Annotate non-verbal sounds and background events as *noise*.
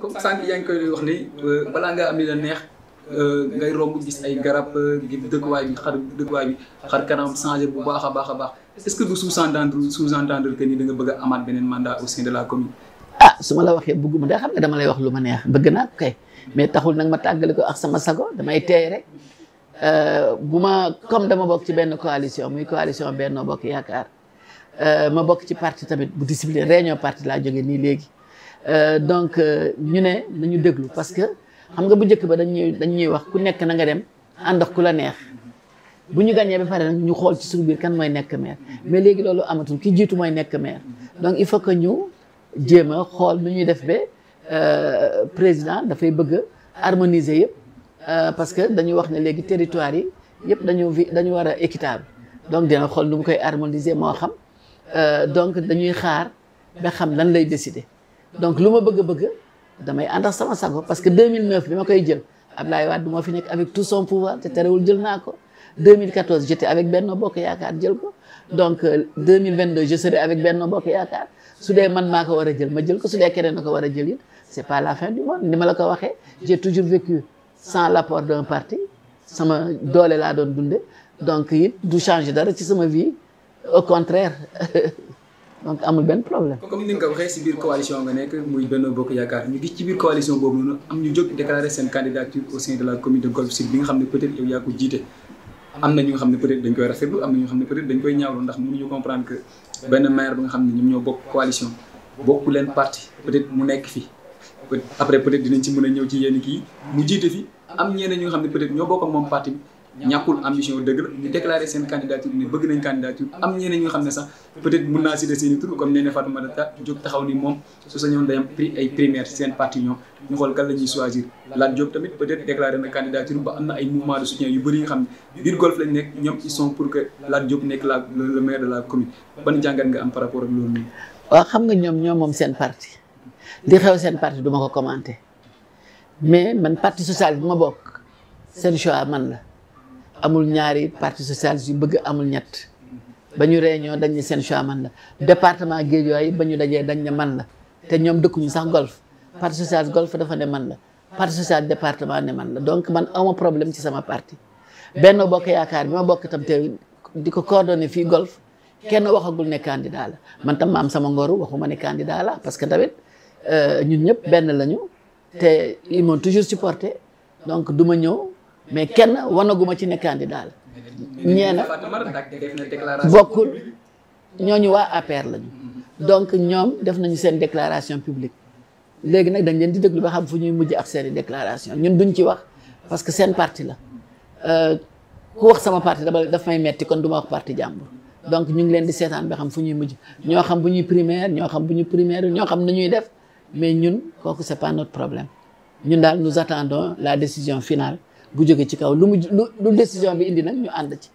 comme sànq yaa ngi koy wax ni euh, balaa nga am li la neex euh, ngay romb gis ay garab euh, gi dëkkuwaay bi xar dëkkuwaay bi xar kanam changé bu baax a baax a baax est-ce que du sous-entendre sous-entendre que ni da nga bëgg a amaat beneen mandat au sein de la commune. ah su ma la waxee bëgguma daa xam nga dama lay wax lu ma neex bëgg naa ko mais taxul nag ma tàggale ko ak sama sago damay teey rek bu ma comme dama bokk ci benn coalition muy coalition Benno Bokk Yaakaar ma bokk ci parti tamit bu discipline réunion parti laa jógee nii léegi. Euh, donc euh, ñu né nañu déglu parce que xam nga bu jëk ba dañuy dañuy wax ku nekk na nga dem ànd ak ku la neex bu ñu gagné ba faré ñu xol ci suñu biir kan moy nekk maire mais légui lolu amatul ki jitu moy nekk maire donc il faut que ñu jéem xol nu ñuy def euh président da fay bëgg a harmoniser yëpp euh, parce que dañu wax né légui territoire yi yëpp dañu dañu wara équitable donc dina xol nu koy harmoniser mo xam euh donc dañuy xaar ba xam lan lay décider donc lu ma bëgg bëgg damay ànd ak sama parce que 2009 je l'ai koy jël Abdoulaye Wade moo avec tout son pouvoir te terewul jël naa 2014 j'étais avec Benno Bokk Yakar, jël ko donc 2022 euh, je serai avec Benno Bokk Yakar. su dee man maa je war a jël ma jël ko c'est pas la fin du monde ni la ko j'ai toujours vécu sans l'apport d'un parti sama doole laa doon dunde donc it du changer dara ci sama vie au contraire *laughs* donc amul benn problème. comme ni nga ko waxee si biir coalition nga nekk muy Benno Bokk Yaakaar ñu gis ci biir coalition boobu noonu am ñu jóg déclaré seen candidature au sein de la commune de Golf Sud bi na bi nga xam ne ñoom ñoo a ñëw ci yenn kii mu jiite fi am ñeneen ñu nga xam ne peut-être ñoo bokk moom parti bi ñàkkul ambition dëgg la ñu déclaré seen candidature ne bëgg nañ candidature am ñeneen ñoo xam ne sax peut-être mun naa citer seen i tur comme nee na Fatou Mata jóg taxaw ni moom su sañoon day am primaire seen parti ñoom ñu xool tamit peut na candidature ba am na ay mouvement de soutien yu bëri yi de nga am par rapport ak loolu xam nga ñoom ñoo moom seen parti di xew seen parti du ma ko commenté mais man parti social bi ma bokk seen choix man la amul ñaari partie socialiste yu bëgg amul ñett ba ñu réunion dañ ne seen choix man la département Guédiawaye ba ñu dajee dañ ne man la te ñoom dëkkuñu sax golf parti socialiste golf dafa ne man la parti socialiste département ne man la donc man ama problème ci sama partie benn Bokk Yaakaar bi ma bokk itam te di ko coordonné fii golf kenn waxagul ne candidat la man tam ma am sama ngoru waxuma ne candidat la parce que tamit euh, ñun ñëpp benn lañu te ils m'ont toujours supporté donc du ma ñëw mais ken wanaguma ci ne candidat ñeena bokul na bokkul ñooñu APR lañu donc ñom def nañu sen déclaration publique légui nak dañ leen di déglu ba xam fu ñuy mujj ak seen déclaration ñun duñ ci wax parce que sen parti la euh ku wax sama parti dafa daf may metti kon duma wax parti jambour donc ñu ngi leen di sétane ba xam fu ñuy mujj ño xam bu ñuy primaire ño xam bu ñuy primaire ño xam nañuy def mais ñun kooku c'est pas notre problème ñun dal nous attendons la décision finale bu jóge ci kaw lu mu lu décision bi indi nag ñu ànd ci